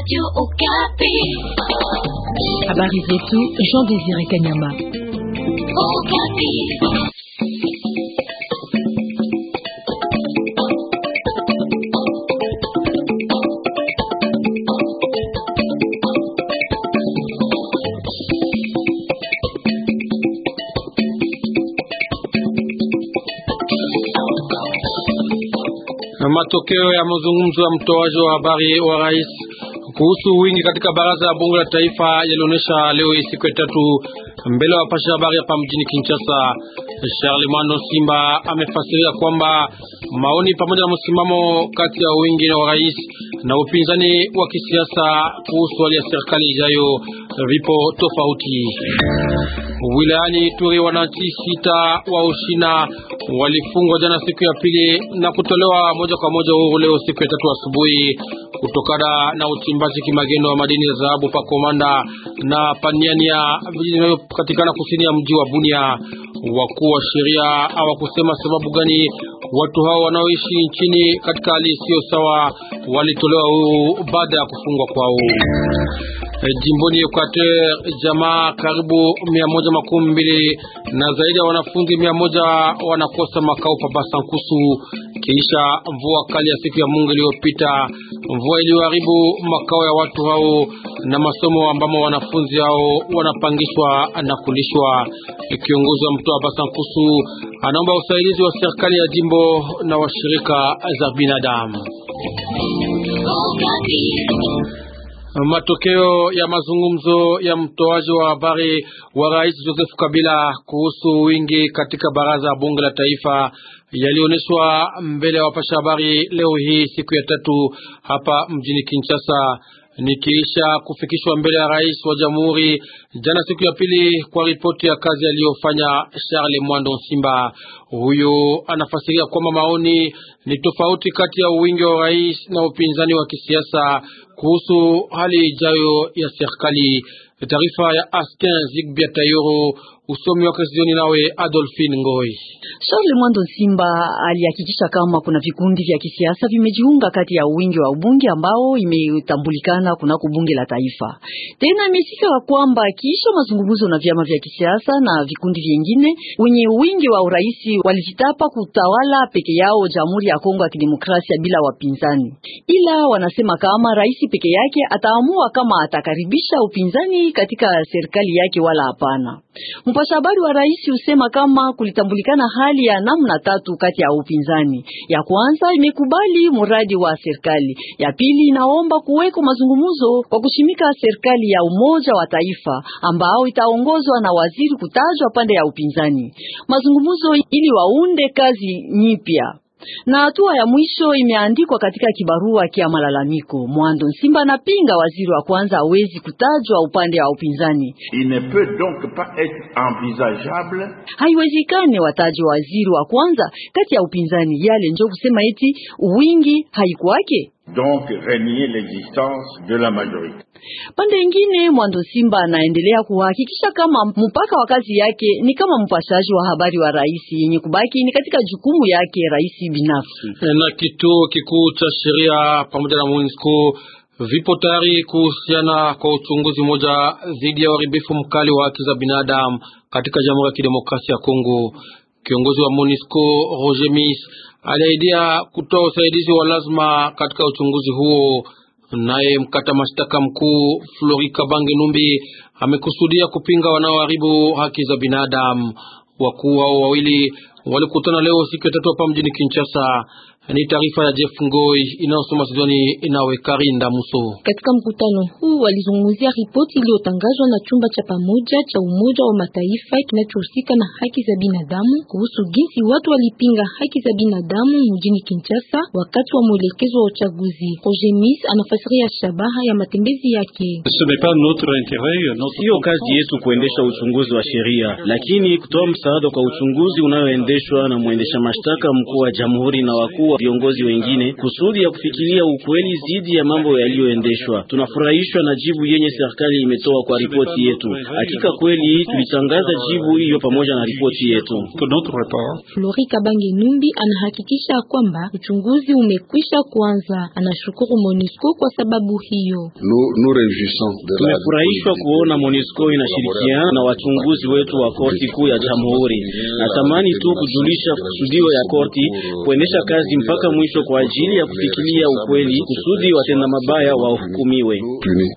Radio Okapi. Habari zetu Jean Désiré Kanyama. Okapi. Matokeo ya mazungumzo ya mtoaji wa habari wa rais kuhusu wingi katika baraza ya bunge la taifa yalionyesha leo hii siku ya tatu mbele ya wapasha habari hapa mjini Kinshasa. Charlemano Simba amefasiria kwamba maoni pamoja na msimamo kati ya wingi wa rais na upinzani wa kisiasa kuhusu hali ya serikali ijayo vipo tofauti. Wilayani Ituri, wananchi sita wa ushina walifungwa jana siku ya pili na kutolewa moja kwa moja huru leo siku ya tatu asubuhi kutokana na uchimbaji kimagendo wa madini ya dhahabu pa Komanda na Paniania vijiji vinavyopatikana kusini ya mji wa Bunia. Wakuu wa sheria hawakusema sababu gani watu hao wanaoishi nchini katika hali isiyo sawa walitolewa huru baada ya kufungwa kwao. Eh, jimboni Equateur jamaa karibu mia moja makumi mbili na zaidi ya wanafunzi mia moja wanakosa makao pa Basankusu kisha mvua kali ya siku ya Mungu iliyopita, mvua iliyoharibu makao ya watu hao na masomo ambamo wanafunzi hao wanapangishwa na kulishwa. Kiongozi wa mtoa Basankusu anaomba usaidizi wa serikali ya jimbo na washirika za binadamu. Oh, Matokeo ya mazungumzo ya mtoaji wa habari wa Rais Joseph Kabila kuhusu wingi katika baraza la bunge la taifa yalionyeshwa mbele ya wapasha habari leo hii siku ya tatu hapa mjini Kinshasa nikiisha kufikishwa mbele ya rais wa jamhuri jana siku ya pili kwa ripoti ya kazi aliyofanya Charles Mwando Simba. Huyo anafasiria kwamba maoni ni tofauti kati ya uwingi wa rais na upinzani wa kisiasa kuhusu hali ijayo ya serikali. Taarifa ya Askin Zigbia Tayoro Usomi wake zioni nawe Adolfine Ngoi. Charles Mwando Simba alihakikisha kama kuna vikundi vya kisiasa vimejiunga kati ya wingi wa ubunge ambao imetambulikana kuna kubunge la taifa. Tena amesika kwamba kisha mazungumzo na vyama vya kisiasa na vikundi vingine wenye wingi wa urais walijitapa kutawala peke yao Jamhuri ya Kongo ya Kidemokrasia bila wapinzani. Ila wanasema kama rais peke yake ataamua kama atakaribisha upinzani katika serikali yake wala hapana. Mpasha habari wa rais husema kama kulitambulikana hali ya namna tatu kati ya upinzani. Ya kwanza imekubali mradi wa serikali, ya pili inaomba kuweko mazungumzo kwa kushimika serikali ya umoja wa taifa ambao itaongozwa na waziri kutajwa pande ya upinzani, mazungumzo ili waunde kazi nyipya na hatua ya mwisho imeandikwa katika kibarua kia malalamiko. Mwando Nsimba anapinga waziri wa kwanza hawezi kutajwa upande wa upinzani. Il ne peut donc pas etre envisageable, haiwezekane wataje waziri wa kwanza kati ya upinzani. Yale njo kusema eti wingi haikuwake donc renier l'existence de la majorité. Pande ingine Mwando Simba anaendelea kuhakikisha kama mpaka wa kazi yake ni kama mpashaji wa habari wa rais, yenye kubaki ni katika jukumu yake rais binafsi. Eh, na kituo kikuu cha sheria pamoja na MONUSCO vipo tayari kuhusiana kwa uchunguzi mmoja dhidi ya uharibifu mkali wa haki za binadamu katika Jamhuri ya Kidemokrasia ya Kongo. Kiongozi wa MONUSCO Roger Mis aliaidia kutoa usaidizi wa lazima katika uchunguzi huo. Naye mkata mashtaka mkuu Flori Kabange Numbi amekusudia kupinga wanaoharibu haki za binadamu. Wakuu hao wawili walikutana leo siku ya tatu hapa mjini Kinshasa. Ni taarifa ya Jeff Ngoi inayosoma Sidoni inawe Karinda Muso. Katika mkutano huu walizungumzia ripoti iliyotangazwa na chumba cha pamoja cha Umoja wa Mataifa kinachohusika na haki za binadamu kuhusu jinsi watu walipinga haki za binadamu mjini Kinshasa wakati wa mwelekezo wa uchaguzi. Roger anafasiria shabaha ya matembezi yake. Siyo kazi yetu kuendesha uchunguzi wa sheria, lakini kutoa msaada kwa uchunguzi unayoendeshwa na mwendesha mashtaka mkuu wa jamhuri na wakuu viongozi wengine kusudi ya kufikiria ukweli zidi ya mambo yaliyoendeshwa. Tunafurahishwa na jibu yenye serikali imetoa kwa ripoti yetu. Hakika kweli tulitangaza jibu hiyo pamoja na ripoti yetu. Flori Kabange Numbi anahakikisha kwamba uchunguzi umekwisha kuanza. Anashukuru MONUSCO kwa sababu hiyo. Tumefurahishwa kuona MONUSCO inashirikiana na wachunguzi wetu wa korti kuu ya Jamhuri. Natamani tu kujulisha kusudio ya korti kuendesha kazi mpaka mwisho kwa ajili ya kufikilia ukweli kusudi watenda mabaya wahukumiwe.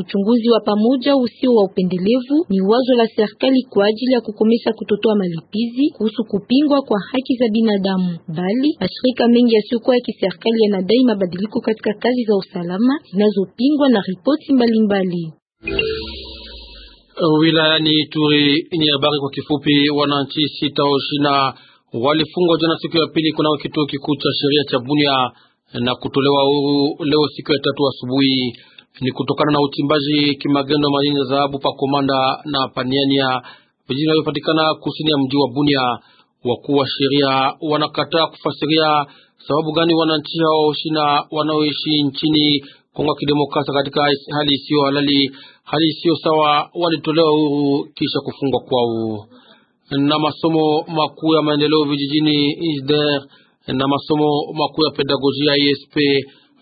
Uchunguzi wa pamoja usio wa upendelevu ni wazo la serikali kwa ajili ya kukomesha kutotoa malipizi kuhusu kupingwa kwa haki za binadamu, bali mashirika mengi yasiyokuwa ya kiserikali yanadai mabadiliko katika kazi za usalama zinazopingwa na ripoti mbalimbali. Wilayani Ituri ni habari kwa kifupi. Wananchi sita wa walifungwa jana siku ya pili kunao kituo kikuu cha sheria cha Bunia na kutolewa huru leo siku ya tatu asubuhi. Ni kutokana na uchimbaji kimagendo madini ya dhahabu pa Komanda na Paniania, vijiji vinavyopatikana kusini ya mji wa Bunia. Wakuu wa sheria wanakataa kufasiria sababu gani wananchi hao shina wanaoishi nchini Kongo ya Kidemokrasia katika hali isiyo halali, hali isiyo sawa, walitolewa huru kisha kufungwa kwao na masomo makuu ya maendeleo vijijini ISDER na masomo makuu ya pedagojia ISP,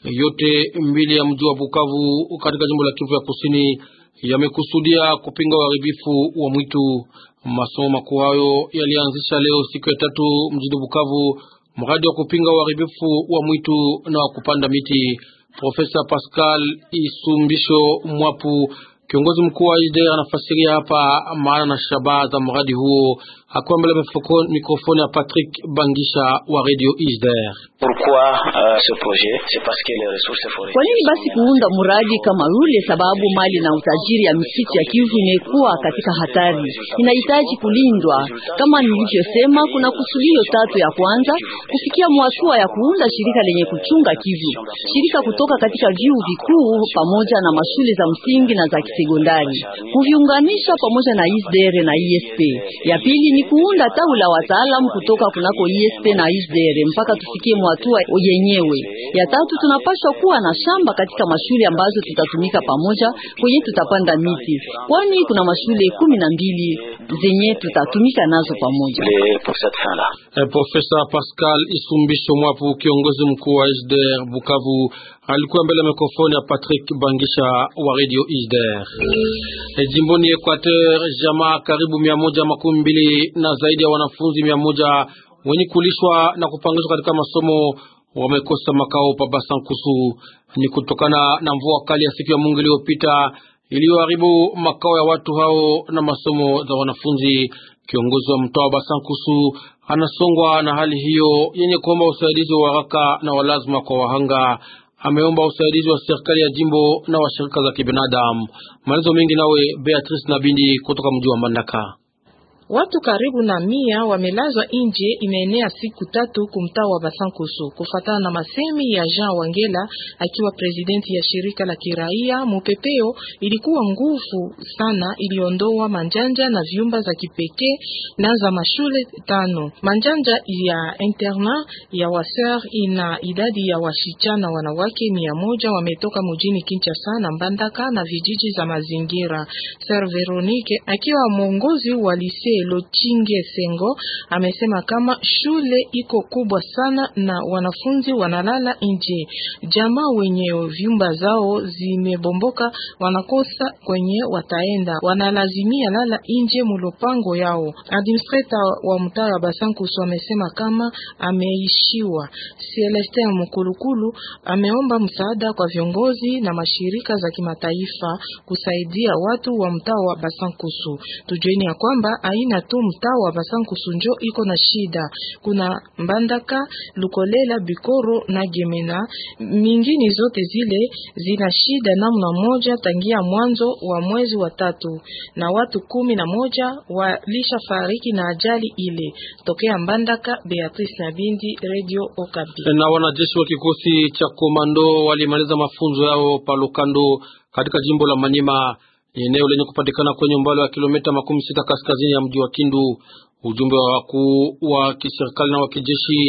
yote mbili ya mji wa Bukavu katika jimbo la Kivu ya Kusini yamekusudia kupinga uharibifu wa mwitu. Masomo makuu hayo yalianzisha leo siku ya tatu mjini Bukavu mradi wa kupinga uharibifu wa mwitu na wa kupanda miti. Profesa Pascal Isumbisho Mwapu Kiongozi mkuu wa ISDR anafasiria hapa maana na shabaha za mradi huo. Hakuwa mbele mikrofoni ya Patrick Bangisha wa Radio ISDR. Euh, Kwa nini basi kuunda mradi kama ule? Sababu mali na utajiri ya misitu ya Kivu imekuwa katika hatari, inahitaji kulindwa. Kama nilivyosema, kuna kusudio tatu. Ya kwanza, kufikia mwatua ya kuunda shirika lenye kuchunga Kivu, shirika kutoka katika vyuo vikuu pamoja na mashule za msingi na za sekondari kuviunganisha pamoja na ISDR na ISP. Ya pili ni kuunda tawi la wataalamu kutoka kunako ISP na ISDR mpaka tufikie mwatua yenyewe. Ya tatu tunapaswa kuwa na shamba katika mashule ambazo tutatumika pamoja kwenye tutapanda miti, kwani kuna mashule kumi na mbili zenye tutatumika nazo pamoja. Profesa eh, Pascal Isumbisho Mwapu, kiongozi mkuu wa ISDR Bukavu alikuwa mbele ya mikrofoni ya Patrick Bangisha wa Radio Isder. E, jimboni Equateur, jamaa karibu mia moja makumi mbili na zaidi ya wanafunzi mia moja wenye kulishwa na kupangishwa katika masomo wamekosa makao pa Basankusu. Ni kutokana na mvua kali ya siku ya Mungu iliyopita iliyoharibu makao ya watu hao na masomo za wanafunzi. Kiongozi wa mtaa wa Basankusu anasongwa na hali hiyo yenye kuomba usaidizi wa haraka na walazima kwa wahanga ameomba usaidizi wa serikali ya jimbo na shirika za kibinadamu. Maelezo mengi nawe Beatrice Nabindi kutoka mji wa Mbandaka. Watu karibu na mia wamelazwa nje imeenea siku tatu kumtaa wa Basankusu, kufatana na masemi ya Jean Wangela akiwa presidenti ya shirika la kiraia. Mupepeo ilikuwa nguvu sana, iliondoa manjanja na vyumba za kipekee na za mashule tano. Manjanja ya interna ya waser ina idadi ya wasichana wanawake mia moja wametoka mujini Kinshasa na Mbandaka na vijiji za mazingira. Ser Veronique akiwa mwongozi wa lise Lochinge Sengo amesema kama shule iko kubwa sana na wanafunzi wanalala nje. Jamaa wenye vyumba zao zimebomboka wanakosa kwenye wataenda, wanalazimia lala nje mulopango yao. Administrator wa mtaa wa Basankusu amesema kama ameishiwa. Celestin Mukulukulu ameomba msaada kwa viongozi na mashirika za kimataifa kusaidia watu wa mtaa wa Basankusu. Tujueni ya kwamba aina na tu mtaa wa Masankusunjo iko na shida. Kuna Mbandaka, Lukolela, Bikoro na Gemena, mingini zote zile zina shida namna moja tangia mwanzo wa mwezi wa tatu, na watu kumi na moja walisha fariki na ajali ile. Tokea Mbandaka, Beatrice Nabindi, Radio Okapi. Na wanajeshi wa kikosi cha komando walimaliza mafunzo yao lukando katika jimbo la manima ni eneo lenye kupatikana kwenye umbali wa kilomita makumi sita kaskazini ya mji wa Kindu. Ujumbe wa wakuu wa kiserikali na wa kijeshi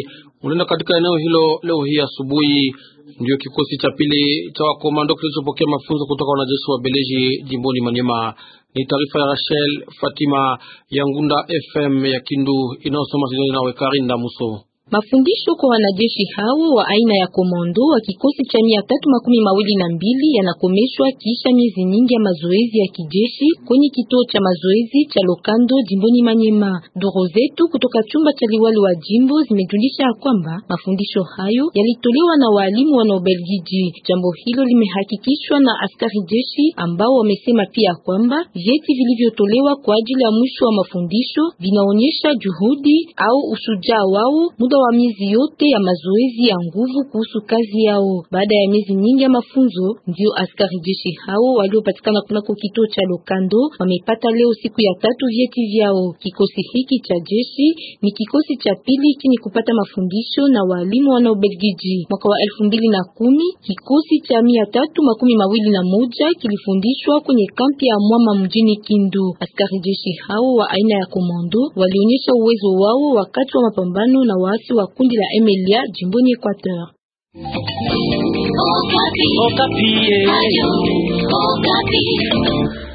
unaenda katika eneo hilo leo hii asubuhi. Ndio kikosi cha pili cha wakomando kilichopokea mafunzo kutoka wanajeshi wa Beleji jimboni Manyema. Ni taarifa ya Rachel Fatima ya Ngunda FM ya Kindu inayosoma Sidoni na Wekarinda Muso. Mafundisho kwa wanajeshi hao wa aina ya komando wa kikosi cha mia tatu makumi mawili na mbili yanakomeshwa kisha miezi nyingi ya mazoezi ya kijeshi kwenye kituo cha mazoezi cha Lokando jimboni Manyema. Duru zetu kutoka chumba cha liwali wa jimbo zimejulisha kwamba mafundisho hayo yalitolewa na walimu wa Nobelgiji. Jambo hilo limehakikishwa na askari jeshi ambao wamesema pia kwamba vyeti vilivyotolewa kwa ajili ya mwisho wa mafundisho vinaonyesha juhudi au ushujaa wao muda wa miezi yote ya mazoezi ya nguvu kuhusu kazi yao. Baada ya miezi nyingi ya mafunzo, ndio askari jeshi hao waliopatikana kunako kituo cha Lokando wamepata leo siku ya tatu vyeti vyao. Kikosi hiki cha jeshi ni kikosi cha pili chini kupata mafundisho na walimu wana Ubelgiji. Mwaka wa elfu mbili na kumi kikosi cha mia tatu makumi mawili na moja kilifundishwa kwenye kampi ya Mwama mjini Kindu. Askari jeshi hao wa aina ya komando walionyesha uwezo wao wakati wa mapambano na waasi waasi wa kundi la MLA jimboni Equateur. Okapi. Okapi. Eh.